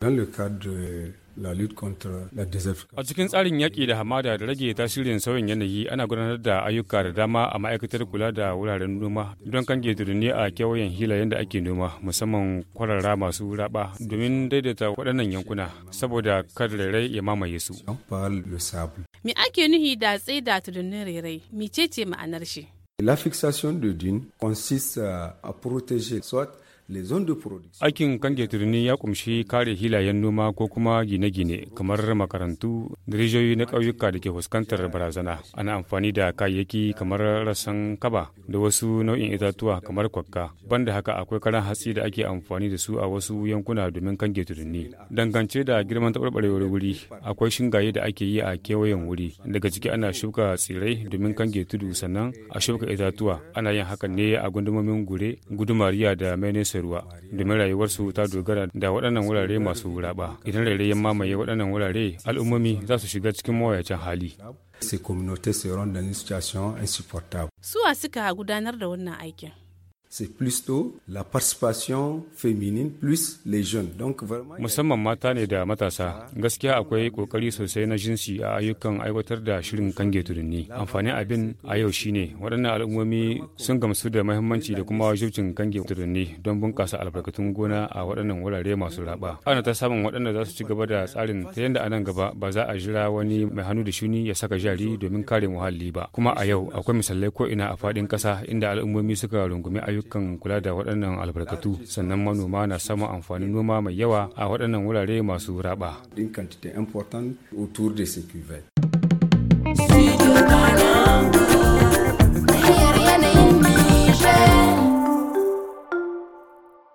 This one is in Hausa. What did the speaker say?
Dans le cadre la lutte contre la désertification. A cikin tsarin yaƙi da hamada da rage tasirin sauyin yanayi ana gudanar da ayyuka da dama a ma'aikatar kula da wuraren noma don kange turuni a kewayen hila yadda ake noma musamman kwarara masu raba domin daidaita waɗannan yankuna saboda kar rairai ya mamaye su. Me ake nuhi da da tudunin rairai? Mecece ma'anar shi? La fixation de dune consiste à protéger soit Aikin kange turni ya kumshi kare hilayen noma ko kuma gine-gine kamar makarantu da rijiyoyi na ƙauyuka da ke fuskantar barazana. Ana amfani da kayayyaki kamar rasan kaba da wasu nau'in itatuwa kamar kwakka. Banda haka akwai karan hatsi da ake amfani da su a wasu yankuna domin kange turni. Dangance da girman taɓarɓarewar wuri akwai shingaye da ake yi a kewayen wuri. Daga ciki ana shuka tsirai domin kange tudu sannan a shuka itatuwa. Ana yin hakan ne a gundumomin gure, gudumariya da menesa wuce ruwa domin rayuwarsu ta dogara da waɗannan wurare masu raba idan rairayin mamaye waɗannan wurare al'ummomi za su shiga cikin mawayacin hali Su a suka gudanar da wannan aikin? c'est plutôt la participation féminine plus les jeunes. Donc vraiment musamman mata ne da matasa gaskiya akwai kokari sosai na jinsi a ayyukan aiwatar da shirin kange turinni amfanin abin a yau shine waɗannan al'ummomi sun gamsu da mahimmanci da kuma wajibcin kange turinni don bunƙasa albarkatun gona a waɗannan wurare masu raba ana ta samun waɗanda za su ci gaba da tsarin ta yadda anan gaba ba za a jira wani mai hannu da shuni ya saka jari domin kare muhalli ba kuma a yau akwai misalai ko ina a faɗin ƙasa inda al'ummomi suka rungumi ayyuka ayyukan kula da waɗannan albarkatu sannan manoma na samun amfanin noma mai yawa a waɗannan wurare masu raba.